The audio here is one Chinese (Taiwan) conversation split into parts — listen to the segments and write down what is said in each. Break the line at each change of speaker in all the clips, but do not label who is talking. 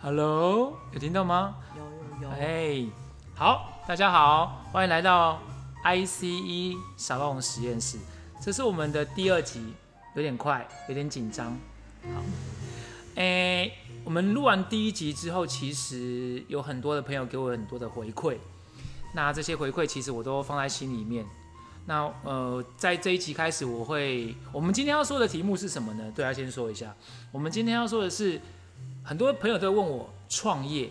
Hello，有聽到嗎？有有有。哎，有 hey. 好，大家好，歡迎來到 ICE Salon 實驗室。這是我們的第二集，有點快，有點緊張。好，哎，我們錄完第一集之後，其實有很多的朋友給我很多的回饋。那這些回饋，其實我都放在心裡面。那呃，在這一集開始，我會，我們今天要說的題目是什麼呢？對，大家先說一下。我們今天要說的是。很多朋友都問我創業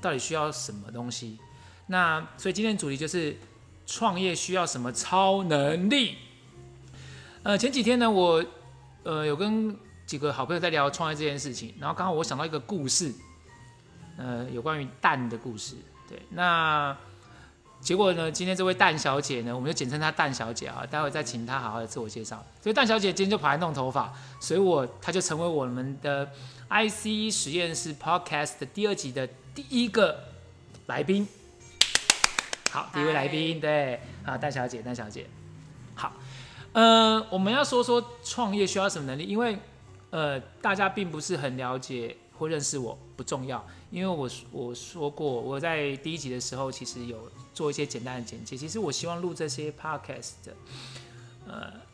到底需要什麼東西，那所以今天的主題就是創業需要什麼超能力。呃，前幾天呢，我呃有跟幾個好朋友在聊創業這件事情，然後剛好我想到一個故事，呃，有關於蛋的故事。對，那結果呢，今天這位蛋小姐呢，我們就簡稱她蛋小姐啊，待會再請她好好的自我介紹。所以蛋小姐今天就跑來弄頭髮，所以我她就成為我們的。I C 實驗室 Podcast 第二集的第一個來賓，好，Hi 第一位來賓，對，啊，大小姐，大小姐，好，呃，我們要說說創業需要什麼能力，因為呃，大家並不是很了解或認識我，不重要，因為我我說過，我在第一集的時候其實有做一些簡單的簡介，其實我希望錄這些 Podcast 呃。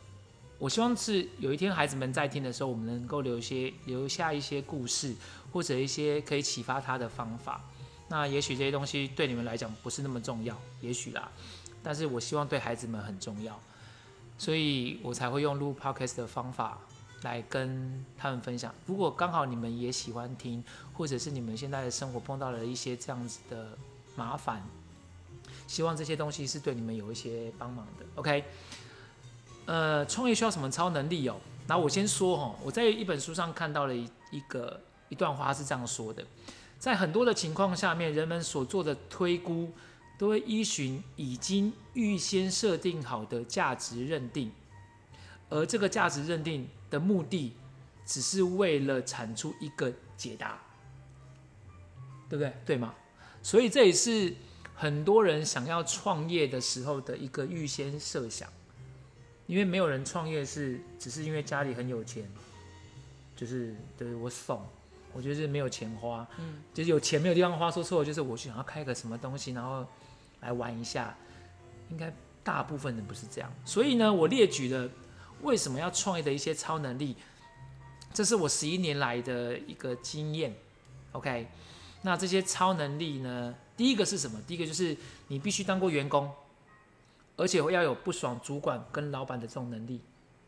我希望是有一天孩子們在聽的時候，我們能夠留一些、留下一些故事，或者一些可以啟發他的方法。那也許這些東西對你們來講不是那麼重要，也許啦。但是我希望對孩子們很重要，所以我才會用錄 Podcast 的方法來跟他們分享。如果剛好你們也喜歡聽，或者是你們現在的生活碰到了一些這樣子的麻煩，希望這些東西是對你們有一些幫忙的。OK。呃，創業需要什麼超能力哦？那我先說哦，我在一本書上看到了一一個一段話是這樣說的：在很多的情況下面，人們所做的推估都會依循已經預先設定好的價值認定，而這個價值認定的目的只是為了產出一個解答，對不對？對嗎？所以這也是很多人想要創業的時候的一個預先設想。因為沒有人創業是只是因為家裡很有錢，就是對我慫，我覺得是沒有錢花，嗯，就是有錢沒有地方花。說錯了，就是我想要開個什麼東西，然後來玩一下。應該大部分人不是這樣。所以呢，我列舉了為什麼要創業的一些超能力，這是我十一年來的一個經驗。OK，那這些超能力呢，第一個是什麼？第一個就是你必須當過員工。而且要有不爽主管跟老闆的這種能力，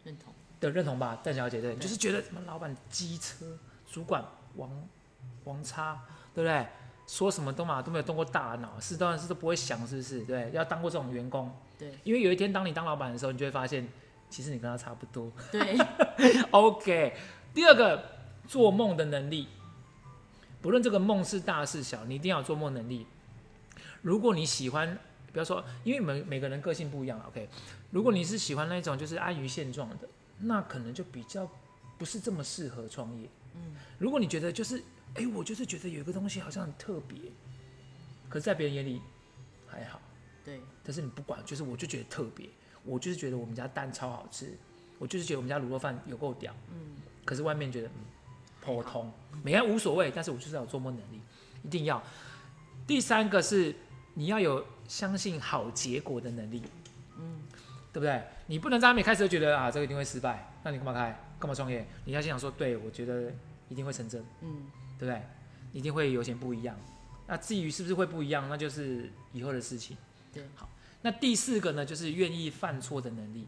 認同的認同吧，鄧對小姐對，對，你就是覺得什麼老闆機車，主管王王差，對不對？說什麼都嘛都沒有動過大腦，事當然是都不會想，是不是？對，要當過這種員工，對，因為有一天當你當老闆的時候，你就會發現，其實你跟他差不多。對 ，OK。第二個，做夢的能力，嗯、不論這個夢是大是小，你一定要有做夢能力。如果你喜歡。比方說，因為每每個人個性不一樣，OK。如果你是喜歡那一種就是安於現狀的，那可能就比較不是這麼適合創業。嗯，如果你覺得就是，哎、欸，我就是覺得有一個東西好像很特別，可是在別人眼裡還好。對，但是你不管，就是我就覺得特別，我就是覺得我們家蛋超好吃，我就是覺得我們家滷肉飯有夠屌。嗯，可是外面覺得嗯普通，好每天無所謂，但是我就是要有做夢能力，一定要。第三個是你要有。相信好結果的能力，嗯，對不對？你不能在還沒開始就覺得啊，這個一定會失敗，那你幹嘛開，幹嘛創業？你要先想說，對我覺得一定會成真，嗯，對不對？一定會有些不一樣。那至於是不是會不一樣，那就是以後的事情。對，好。那第四個呢，就是願意犯錯的能力。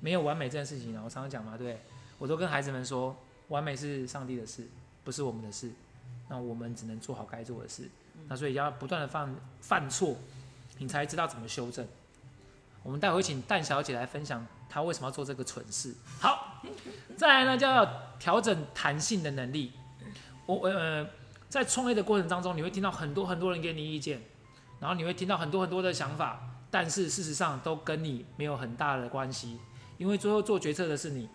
沒有完美這件事情呢，我常常講嘛，對不對？我都跟孩子們說，完美是上帝的事，不是我們的事。那我們只能做好該做的事。那所以要不斷的犯犯錯，你才知道怎麼修正。我們待會請蛋小姐來分享她為什麼要做這個蠢事。好，再來呢，就要調整彈性的能力。我呃，在創業的過程當中，你會聽到很多很多人給你意見，然後你會聽到很多很多的想法，但是事實上都跟你沒有很大的關係，因為最後做決策的是你。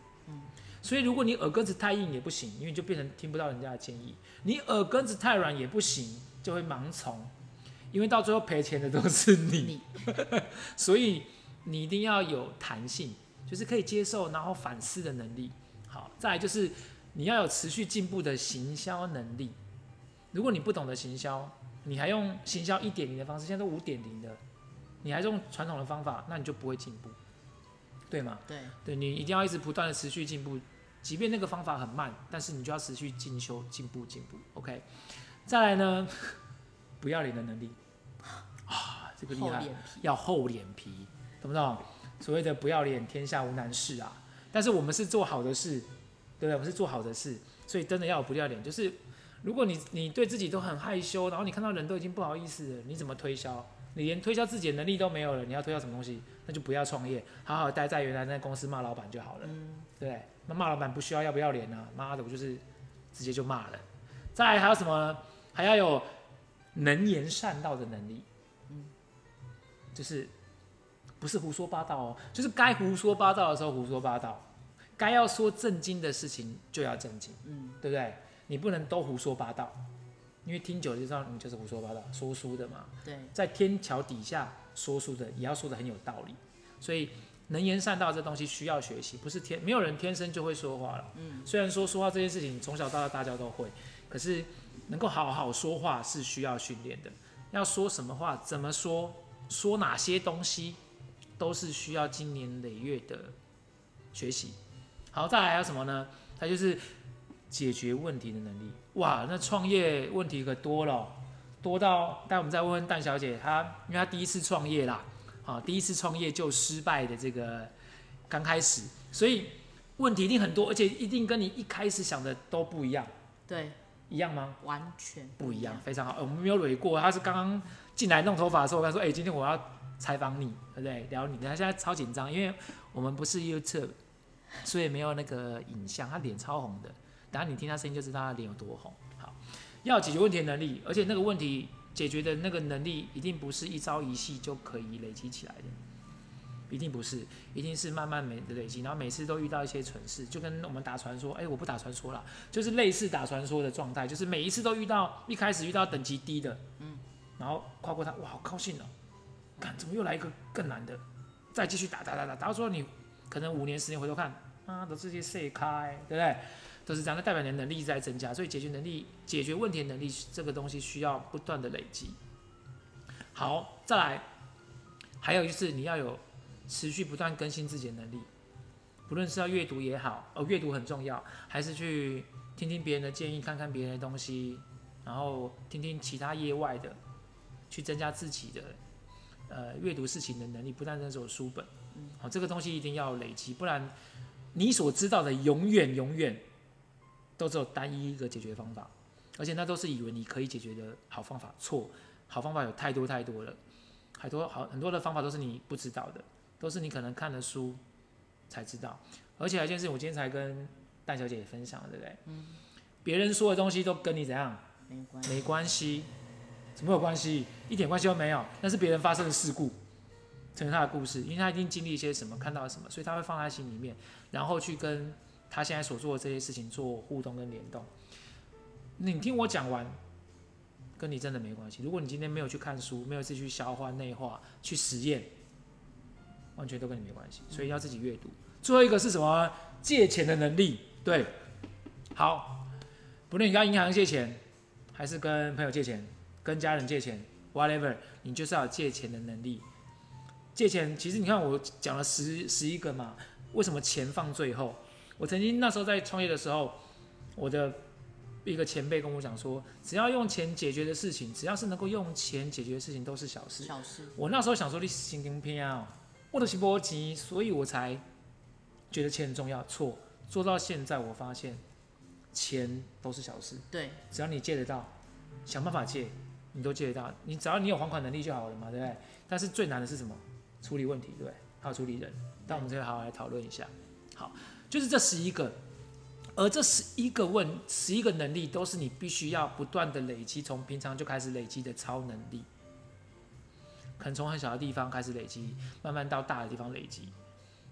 所以如果你耳根子太硬也不行，因為就變成聽不到人家的建議；你耳根子太軟也不行。就會盲從，因為到最後賠錢的都是你，你呵呵，所以你一定要有彈性，就是可以接受，然後反思的能力。好，再來就是你要有持續進步的行銷能力。如果你不懂得行銷，你還用行銷一點零的方式，現在都五點零的，你還用傳統的方法，那你就不會進步，對嗎？對，對，你一定要一直不斷的持續進步，即便那個方法很慢，但是你就要持續進修、進步、進步。OK。再來呢，不要臉的能力啊，這個厲害，厚臉皮，要厚臉皮，懂不懂？所謂的不要臉，天下無難事啊。但是我們是做好的事，對不對？我們是做好的事，所以真的要不要臉？就是如果你你對自己都很害羞，然後你看到人都已經不好意思了，你怎麼推銷？你連推銷自己的能力都沒有了，你要推銷什麼東西？那就不要創業，好好待在原來那公司罵老闆就好了。嗯、對不對，那罵老闆不需要要不要臉呢、啊？媽的，我就是直接就罵了。再來還有什麼呢？還要有能言善道的能力，嗯，就是不是胡說八道哦，就是該胡說八道的時候胡說八道，該要說正經的事情就要正經，嗯，對不對？你不能都胡說八道，因為聽久了就知道你就是胡說八道，說書的嘛，對，在天橋底下說書的也要說得很有道理，所以能言善道這東西需要學習，不是天沒有人天生就會說話了，嗯，雖然說說話這件事情從小到大大家都會，可是。能夠好好說話是需要訓練的，要說什麼話，怎麼說，說哪些東西，都是需要經年累月的學習。好，再還有什麼呢？它就是解決問題的能力。哇，那創業問題可多了，哦，多到……但我們再問問蛋小姐，她因為她第一次創業啦，啊，第一次創業就失敗的這個剛開始，所以問題一定很多，而且一定跟你一開始想的都不一樣。對。一樣嗎？完全不一,不一樣，非常好。呃、我們沒有捋過，他是剛剛進來弄頭髮的時候，他說：“誒、欸，今天我要採訪你，對不對？聊你。”他現在超緊張，因為我們不是 YouTube，所以沒有那個影像。他臉超紅的，等下你聽他聲音就知道他臉有多紅。好，要解決問題的能力，而且那個問題解決的那個能力，一定不是一朝一夕就可以累積起來的。一定不是，一定是慢慢的累積，然後每次都遇到一些蠢事，就跟我們打傳說，哎、欸，我不打傳說了，就是類似打傳說的狀態，就是每一次都遇到，一開始遇到等級低的，嗯，然後跨過他，哇，好高興哦、喔，看怎麼又來一個更難的，再繼續打打打打，打到時候你可能五年十年回頭看，啊，都這些碎開、欸，對不對？都是這樣的，代表你的能力在增加，所以解決能力、解決問題的能力這個東西需要不斷的累積。好，再來，還有就是你要有。持續不斷更新自己的能力，不論是要閱讀也好，哦，閱讀很重要，還是去聽聽別人的建議，看看別人的東西，然後聽聽其他業外的，去增加自己的，呃，閱讀事情的能力。不但遵守書本，好，哦，這個東西一定要累積，不然你所知道的永遠永遠都只有單一一個解決方法，而且那都是以為你可以解決的好方法。錯，好方法有太多太多了，很多好很多的方法都是你不知道的。都是你可能看了書才知道，而且還有件事，我今天才跟大小姐也分享，對不對？別人說的東西都跟你怎樣？沒關係，什麼有關係？一點關係都沒有。那是別人發生的事故，這是他的故事，因為他一定經歷一些什麼，看到了什麼，所以他會放在心裡面，然後去跟他現在所做的這些事情做互動跟聯動。你聽我講完，跟你真的沒關係。如果你今天沒有去看書，沒有自己去消化內化，去實驗。完全都跟你沒關係，所以要自己閱讀。最後一個是什麼？借錢的能力，對，好，不論你跟銀行借錢，還是跟朋友借錢，跟家人借錢，whatever，你就是要借錢的能力。借錢其實你看我講了十十一個嘛，為什麼錢放最後？我曾經那時候在創業的時候，我的一個前輩跟我講說，只要用錢解決的事情，只要是能夠用錢解決的事情都是小事。小事。我那時候想說，你是神經病哦、啊。我的心波及，所以我才覺得錢很重要。錯，做到現在我發現錢都是小事。對，只要你借得到，想辦法借，你都借得到。你只要你有還款能力就好了嘛，對不對？但是最難的是什麼？處理問題，對不對？還有處理人。那、嗯、我們這邊好好來討論一下。好，就是這十一個，而這十一個問，十一個能力，都是你必須要不斷的累積，從平常就開始累積的超能力。可能從很小的地方開始累積，慢慢到大的地方累積，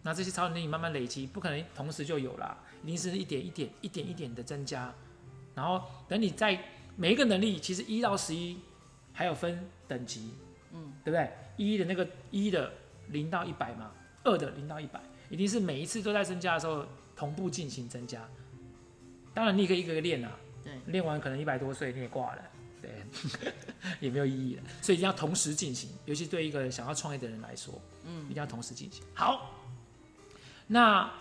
那這些超能力慢慢累積，不可能同時就有了，一定是一點一點、一點一點的增加。然後等你在每一個能力，其實一到十一還有分等級，嗯，對不對？一的那個一的零到一百嘛，二的零到一百，一定是每一次都在增加的時候，同步進行增加。當然，你可以一個個練啊，對，練完可能一百多歲你也掛了。 也沒有意義了，所以一定要同時進行，尤其對一個想要創業的人來說，嗯，一定要同時進行。好，那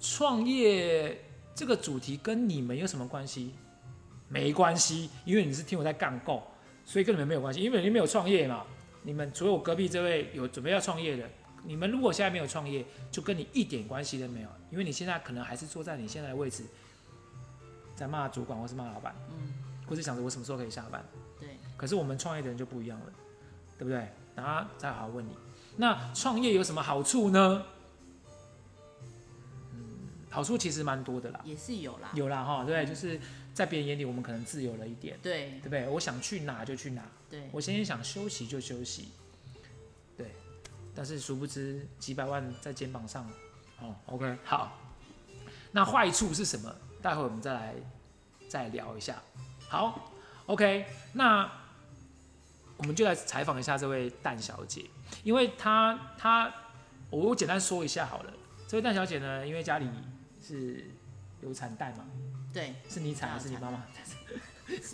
創業這個主題跟你們有什麼關係？沒關係，因為你是聽我在幹夠，所以跟你們沒有關係，因為你們沒有創業嘛。你們除了我隔壁這位有準備要創業的，你們如果現在沒有創業，就跟你一點關係都沒有，因為你現在可能還是坐在你現在的位置，在罵主管或是罵老闆，嗯。或是想着我什麼時候可以下班？對。可是我們創業的人就不一樣了，對不對？然後再好好問你，那創業有什麼好處呢？嗯，好處其實蠻多的啦。也是有啦。有啦哈，對吧？嗯，就是在別人眼裡，我們可能自由了一點。對。對不對？我想去哪就去哪。對。我今天想休息就休息。對。但是殊不知，幾百萬在肩膀上。哦，OK，好。那壞處是什麼？待會我們再來再來聊一下。好，OK，那我們就來採訪一下這位蛋小姐，因為她她，我簡單說一下好了。這位蛋小姐呢，因為家裡是有產蛋嘛，對，是你產還是你媽媽？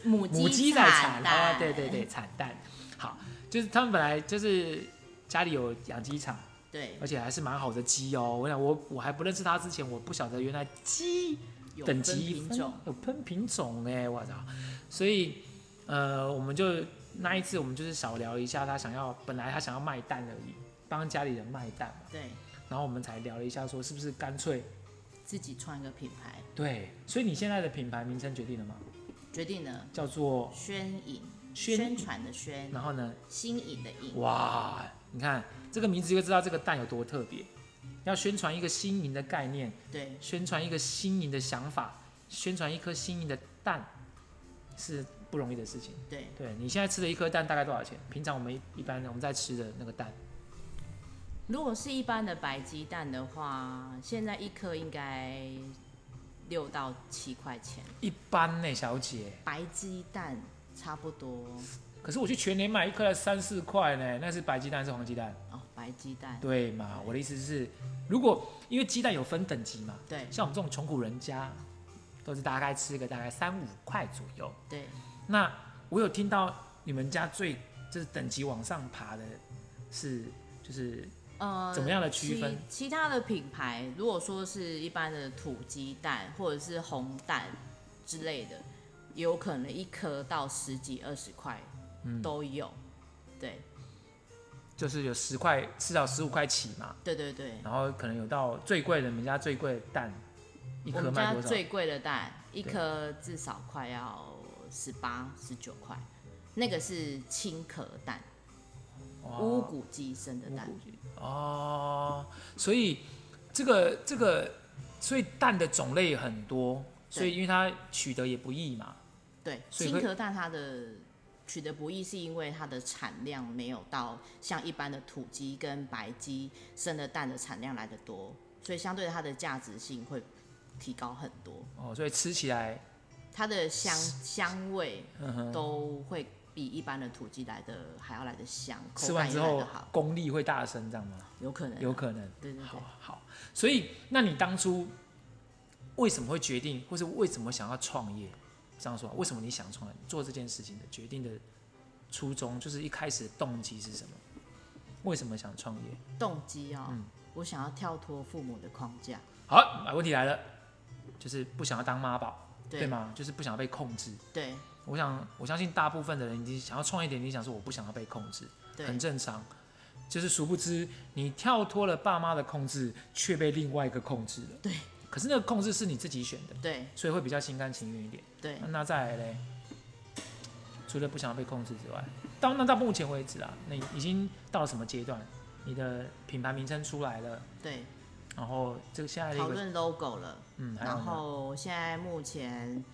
母母雞在產，產蛋，對對對，
產蛋。好，就是他們本來就是家裡有養雞場，對，而且還是蠻好的雞哦。我想我我還不認識她之前，我不曉得原來雞。等級分有噴品種哎，我操、欸！所以，呃，我們就那一次，我們就是少聊一下，他想要本來他想要賣蛋而已，幫家裡人賣蛋嘛。對。然後我們才聊了一下，說是不是乾脆自己創一個品牌。對，所以你現在的品牌名稱決定了嗎？
決定了，
叫做“宣穎”，宣傳的“宣”，的宣。然後呢？
新穎的“穎”。哇，
你看這個名字就知道這個蛋有多特別。要宣傳一個新穎的概念，對，宣傳一個新穎的想法，宣傳一顆新穎的蛋，是不容易的事情。對，對你現在吃的一顆蛋大概多少錢？平常我們一般的我們在吃的那個蛋，
如果是一般的白雞蛋的話，現在一顆應該六到七塊錢。
一般呢，小姐，白
雞蛋差不多。
可是我去全年買一顆三四塊呢，那是白雞蛋還是黃雞蛋？哦，白雞蛋。對嘛，我的意思是，如果因為雞蛋有分等級嘛。對。像我們這種窮苦人家，都是大概吃個大概三五塊左右。對。那我有聽到你們家最就是等級往上爬的是，是就是呃怎麼樣的區分？其，
其他的品牌，如果說是一般的土雞蛋或者是紅蛋之類的，有可能一顆到十幾二十塊。都有，對，
就是有十塊，至少十五塊起嘛。對對對，然後可能有到最貴的，人家最貴的蛋，一顆賣多少？我們家最
貴的蛋一顆至少快要十八、十九塊，對那個是
青殼蛋，
哇烏骨雞生的蛋。
哦，所以這個這個，所以蛋的種類很多，對所以因為它取得也不易嘛。
對，青殼蛋它的。取得不易，是因為它的產量沒有到像一般的土雞跟白雞生的蛋的產量來的多，所以相對它的價值性會提高很多。
哦，所以吃起來
它的香香味都會比一般的土雞來的還要來的香。吃完之後
功力會大升，這樣嗎？有可，啊、有可能，有可能。對對對，好。所以，那你當初為什麼會決定，或是為什麼想要創業？這樣說，為什麼你想創業？做這件事情的決定的初衷，就是一開始的動機是什麼？為什麼想創業？
動機啊、哦，嗯，我想要跳脫父母的框架。
好、啊，問題來了，就是不想要當媽寶，對,對嗎？就是不想要被控制。對，我想我相信大部分的人已經想要創業一點，你想說我不想要被控制，對很正常。就是殊不知，你跳脫了爸媽的控制，卻被另外一個控制了。對。可是那個控制是你自己選的，對，所以會比較心甘情願一點。對，那再來嘞，除了不想要被控制之外，到那到目前為止啦、啊，那已經到了什麼階段？你的品牌名稱出來了，對，然後這個現在討論 logo 了，嗯，然
後現在目前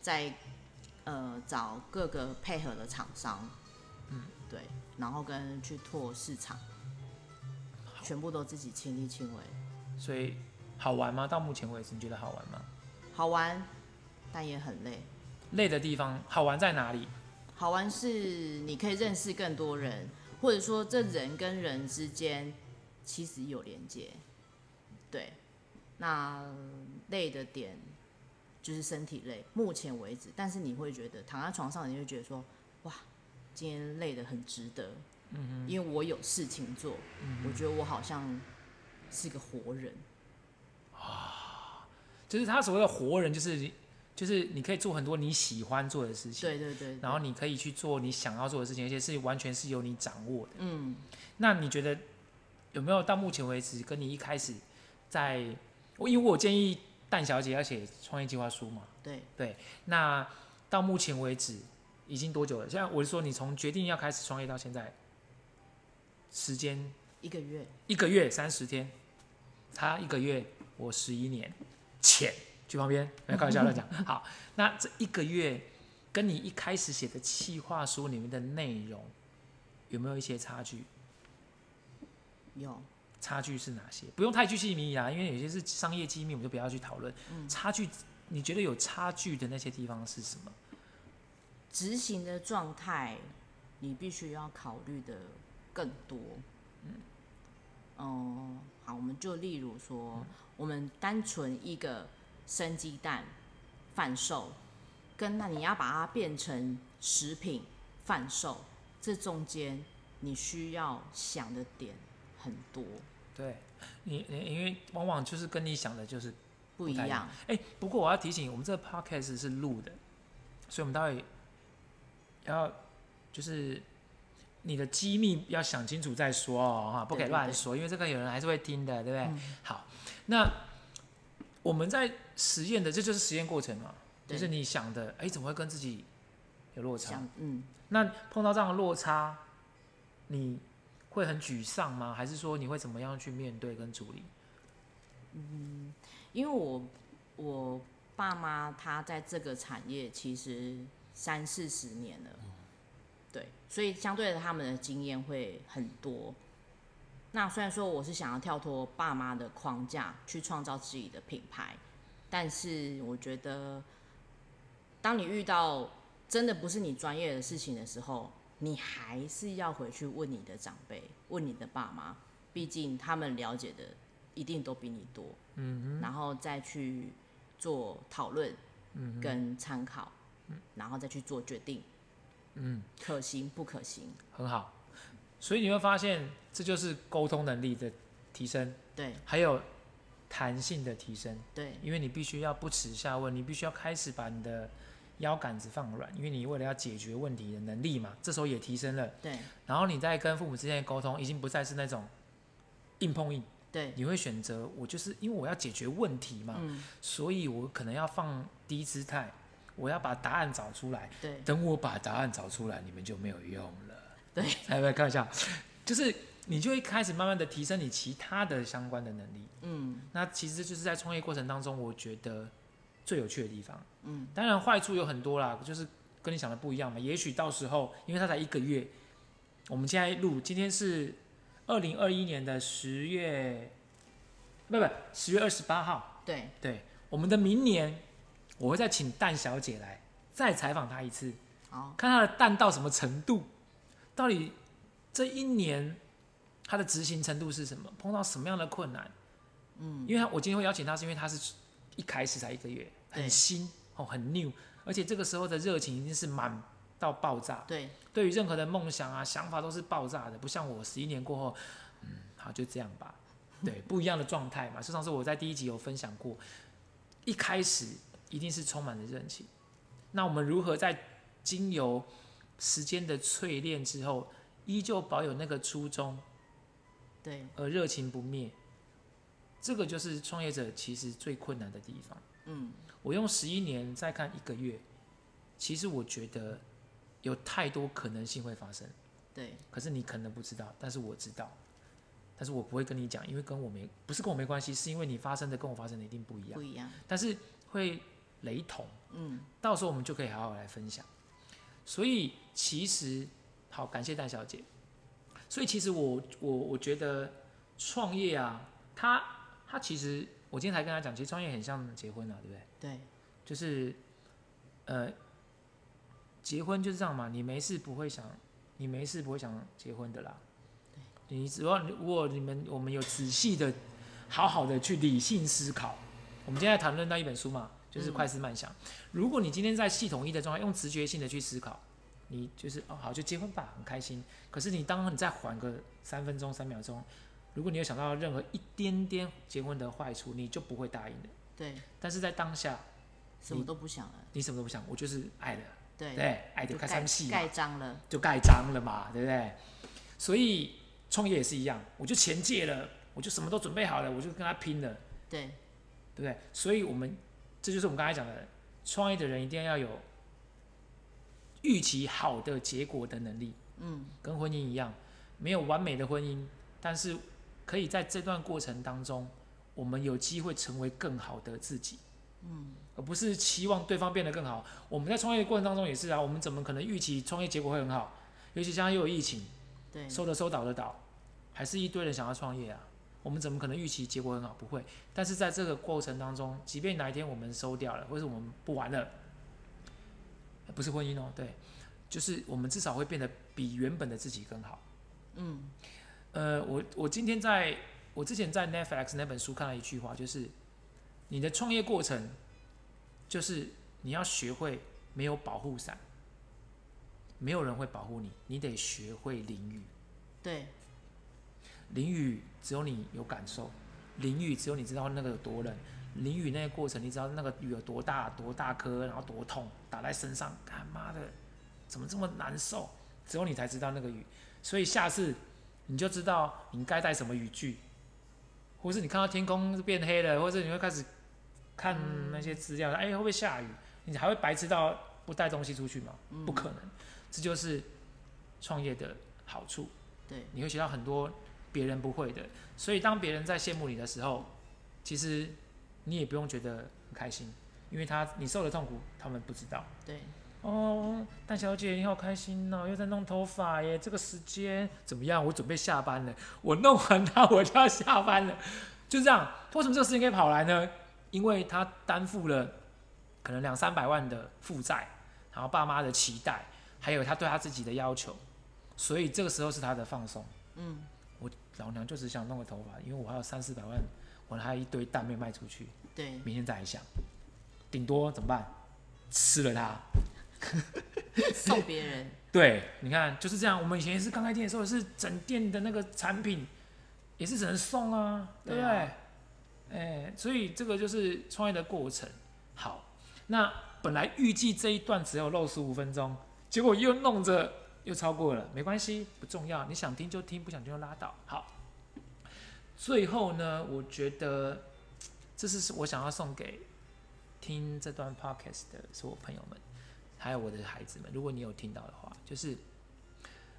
在呃找各個配合的廠商，嗯，對，然後跟去拓市場，好全部都自己
親力親為，所以。好玩嗎？到目前為止，你覺得好玩嗎？
好玩，但也很累。
累的地方，好玩在哪裡？
好玩是你可以認識更多人，或者說這人跟人之間其實有連接。對，那累的點就是身體累。目前為止，但是你會覺得躺在床上，你會覺得說：哇，今天累得很值得。嗯哼，因為我有事情做，嗯哼，我覺得我好像是個活人。
啊，就是他所謂的活人，就是就是你可以做很多你喜歡做的事情，對，對對對，然後你可以去做你想要做的事情，而且是完全是由你掌握的。
嗯，
那你覺得有沒有到目前為止，跟你一開始在，因為我建議蛋小姐要寫創業計劃書嘛？對對，那到目前為止已經多久了？像我是說，你從決定要開始創業到現在，時間一個月，一個月三十天。他一個月，我十一年前，前 去旁邊，沒開玩笑亂講。好，那這一個月跟你一開始寫的企劃書裡面的內容有沒有一些差距？
有
差距是哪些？不用太鉅細靡遺啊，因為有些是商業機密，我們就不要去討論。嗯。差距，你覺得有差距的那些地方是什麼？
執行的狀態，你必須要考慮的更多。嗯。哦、嗯，好，我們就例如說，嗯、我們單純一個生雞蛋販售，跟那你要把它變成食品販售，這中間你需要想的點很多。對，
因因為往往就是跟你想的就是不,不一樣。哎、欸，不過我要提醒，我們這個 podcast 是錄的，所以我們待會要就是。你的機密要想清楚再說哦，哈，不可以亂說，對對對，因為這個有人還是會聽的，對不對？嗯、好，那我們在實驗的，這就是實驗過程嘛，對就是你想的，哎，怎麼會跟自己有落差？嗯，那碰到這樣的落差，你會很沮喪嗎？還是說你會怎麼樣去面對跟處理？嗯，
因為我我爸媽他在這個產業其實三四十年了。嗯對，所以相對的，他們的經驗會很多。那雖然說我是想要跳脫爸媽的框架去創造自己的品牌，但是我覺得，當你遇到真的不是你專業的事情的時候，你還是要回去問你的長輩，問你的爸媽，畢竟他們了解的一定都比你多。嗯哼，然後再去做討論，嗯，嗯，跟參考，嗯，然後再去做決定。嗯，可行不可
行？很好，所以你會發現，這就是溝通能力的提升。對，還有彈性的提升。對，因為你必須要不恥下問，你必須要開始把你的腰桿子放軟，因為你為了要解決問題的能力嘛，這時候也提升了。對，然後你在跟父母之間的溝通，已經不再是那種硬碰硬。對，你會選擇我就是因為我要解決問題嘛，嗯。所以我可能要放低姿態。我要把答案找出來，對，等我把答案找出來，你們就沒有用了。對，來來看一下，就是你就會開始慢慢的提升你其他的相關的能力，嗯，那其實就是在創業過程當中，我覺得最有趣的地方，嗯，當然壞處有很多啦，就是跟你想的不一樣嘛，也許到時候因為它才一個月，我們現在錄，今天是二零二一年的十月，不不十月二十八號，對對，我們的明年，我會再請蛋小姐來再採訪她一次，好看她的蛋到什麼程度，到底這一年她的執行程度是什麼？碰到什麼樣的困難？嗯，因為她我今天會邀請她，是因為她是一開始才一個月，很新對哦，很 new，而且這個時候的熱情已經是滿到爆炸。對，對於任何的夢想啊想法都是爆炸的，不像我十一年過後，嗯，好就這樣吧。對，不一樣的狀態嘛，實際上 是我在第一集有分享過，一開始。一定是充滿了熱情。那我們如何在經由時間的淬煉之後，依舊保有那個初衷，
對，
而熱情不滅，這個就是創業者其實最困難的地方。嗯，我用十一年再看一個月，其實我覺得有太多可能性會發生。對，可是你可能不知道，但是我知道，但是我不會跟你講，因為跟我沒不是跟我沒關係，是因為你發生的跟我發生的一定不一樣。不一樣。但是會。雷同，嗯，到時候我們就可以好好來分享。所以其實，好感謝戴小姐。所以其實我我我覺得創業啊，他他其實我今天還跟他講，其實創業很像結婚啊，對不對？對，就是呃，結婚就是這樣嘛，你沒事不會想，你沒事不會想結婚的啦。對，你只要如果你們我們有仔細的、好好的去理性思考，我們今天談論到一本書嘛。就是快思慢想。嗯、如果你今天在系統一的狀態，用直覺性的去思考，你就是哦好就結婚吧，很開心。可是你當，你再緩個三分鐘三秒鐘，如果你有想到任何一點點結婚的壞處，你就不會答應的。對。但是在當下，什麼都不想了。你什麼都不想，我就是愛了。對對，愛得開始蓋章了，就蓋章了嘛，對不對？所以創業也是一樣，我就錢借了，我就什麼都準備好了，我就跟他拼了。對，對不對？所以我們。這就是我們剛才講的，創業的人一定要有預期好的結果的能力。嗯，跟婚姻一樣，沒有完美的婚姻，但是可以在這段過程當中，我們有機會成為更好的自己。嗯，而不是期望對方變得更好。我們在創業的過程當中也是啊，我們怎麼可能預期創業結果會很好？尤其現在又有疫情，收收倒倒對，收的收倒的倒，還是一堆人想要創業啊。我們怎麼可能預期結果很好？不會。但是在這個過程當中，即便哪一天我們收掉了，或者我們不玩了，不是婚姻哦，對，就是我們至少會變得比原本的自己更好。嗯，呃，我我今天在我之前在 Netflix 那本書看到一句話，就是你的創業過程，就是你要學會沒有保護傘，沒有人會保護你，你得學會淋雨。對。淋雨只有你有感受，淋雨只有你知道那個有多冷，淋雨那個過程你知道那個雨有多大多大顆，然後多痛打在身上，他、哎、媽的怎麼這麼難受？只有你才知道那個雨，所以下次你就知道你該帶什麼雨具，或是你看到天空變黑了，或者你會開始看那些資料，哎、嗯欸，會不會下雨？你還會白痴到不帶東西出去嗎？嗯、不可能，這就是創業的好處。對，你會學到很多。別人不會的，所以當別人在羨慕你的時候，其實你也不用覺得很開心，因為他你受的痛苦他們不知道。對，哦，大小姐你好開心哦，又在弄頭髮耶，這個時間怎麼樣？我準備下班了，我弄完他我就要下班了，就這樣。為什麼這個時間可以跑來呢？因為他擔負了可能兩三百萬的負債，然後爸媽的期待，還有他對他自己的要求，所以這個時候是他的放鬆。嗯。老娘就是想弄個頭髮，因為我還有三四百萬，我還有一堆蛋沒有賣出去，對，明天再來想，頂多怎麼辦？吃了它，送 別人。對，你看就是這樣。我們以前也是剛開店的時候，是整店的那個產品也是只能送啊，對不、啊、對？哎，所以這個就是創業的過程。好，那本來預計這一段只要露十五分鐘，結果又弄着。又超過了，沒關係，不重要，你想聽就聽，不想聽就拉倒。好，最後呢，我覺得這是我想要送給聽這段 Podcast 的所有朋友們，還有我的孩子們。如果你有聽到的話，就是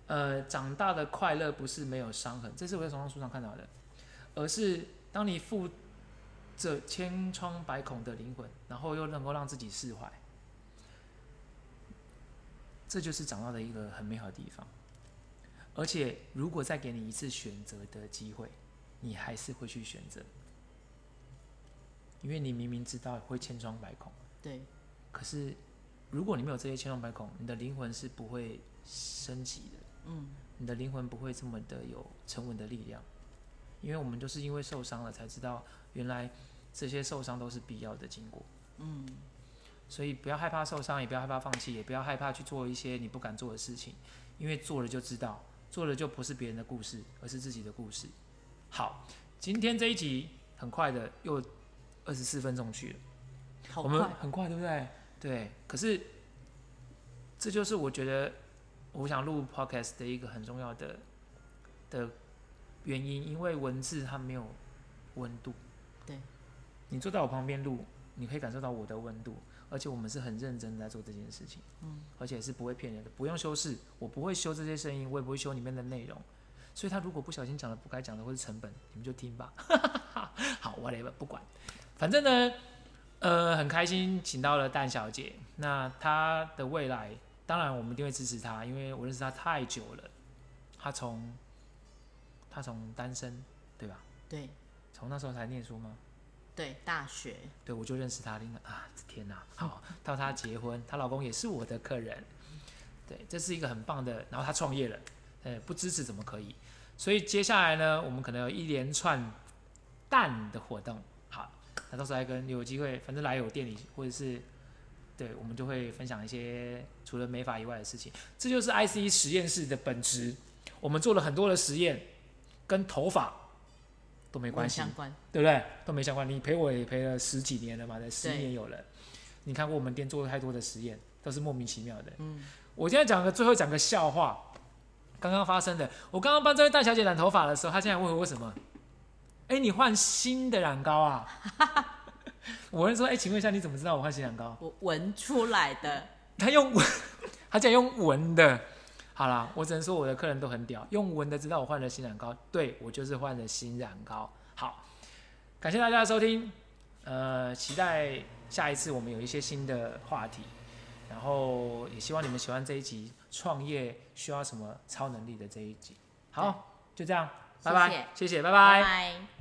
呃，長大的快樂不是沒有傷痕，這是我在成長書上看到的，而是當你負着千瘡百孔的靈魂，然後又能夠讓自己釋懷。這就是長大的一個很美好的地方，而且如果再給你一次選擇的機會，你還是會去選擇，因為你明明知道會千瘡百孔。對。可是，如果你沒有這些千瘡百孔，你的靈魂是不會升級的。嗯。你的靈魂不會這麼的有沉穩的力量，因為我們都是因為受傷了，才知道原來這些受傷都是必要的經過。嗯。所以不要害怕受傷，也不要害怕放棄，也不要害怕去做一些你不敢做的事情，因為做了就知道，做了就不是別人的故事，而是自己的故事。好，今天這一集很快的又二十四分鐘去了，好快，我們很快對不對？對，可是這就是我覺得我想錄 podcast 的一個很重要的的原因，因為文字它沒有溫度，對你坐在我旁邊錄，你可以感受到我的溫度。而且我們是很認真的在做這件事情，嗯，而且是不會騙人的，不用修飾，我不會修這些聲音，我也不會修裡面的內容，所以他如果不小心講了不該講的，或是成本，你們就聽吧。 好，whatever，不管，反正呢，呃，很開心請到了蛋小姐，那她的未來，當然我們一定會支持她，因為我認識她太久了，她從她從單身，對吧？對。從那時候才念書嗎？對大學，對我就認識他，另啊，天哪，好、哦，到他結婚，她老公也是我的客人。對，這是一個很棒的。然後他創業了，呃，不支持怎麼可以？所以接下來呢，我們可能有一連串蛋的活動。好，那到時候還跟有機會，反正來我店裡或者是，對我們就會分享一些除了美髮以外的事情。這就是 IC 實驗室的本質。我們做了很多的實驗，跟頭髮。都沒關係，相關對不對？都沒相關。你陪我也陪了十幾年了嘛，的。對十年有了。你看過我們店做太多的實驗，都是莫名其妙的。嗯，我今天講個最後講個笑話，剛剛發生的。我剛剛幫這位大小姐染頭髮的時候，她現在問我什麼？哎，你換新的染膏啊？ 我是說，哎，請問一下，你怎麼知道我換新染膏？我
聞出來的。
她用聞，她講用聞的。好啦，我只能說我的客人都很屌，用聞的知道我換了新染膏。對，我就是換了新染膏。好，感謝大家的收聽，呃，期待下一次我們有一些新的話題，然後也希望你們喜歡這一集，創業需要什麼超能力的這一集。好，對就這樣，拜拜，謝謝，謝謝，拜拜。拜拜。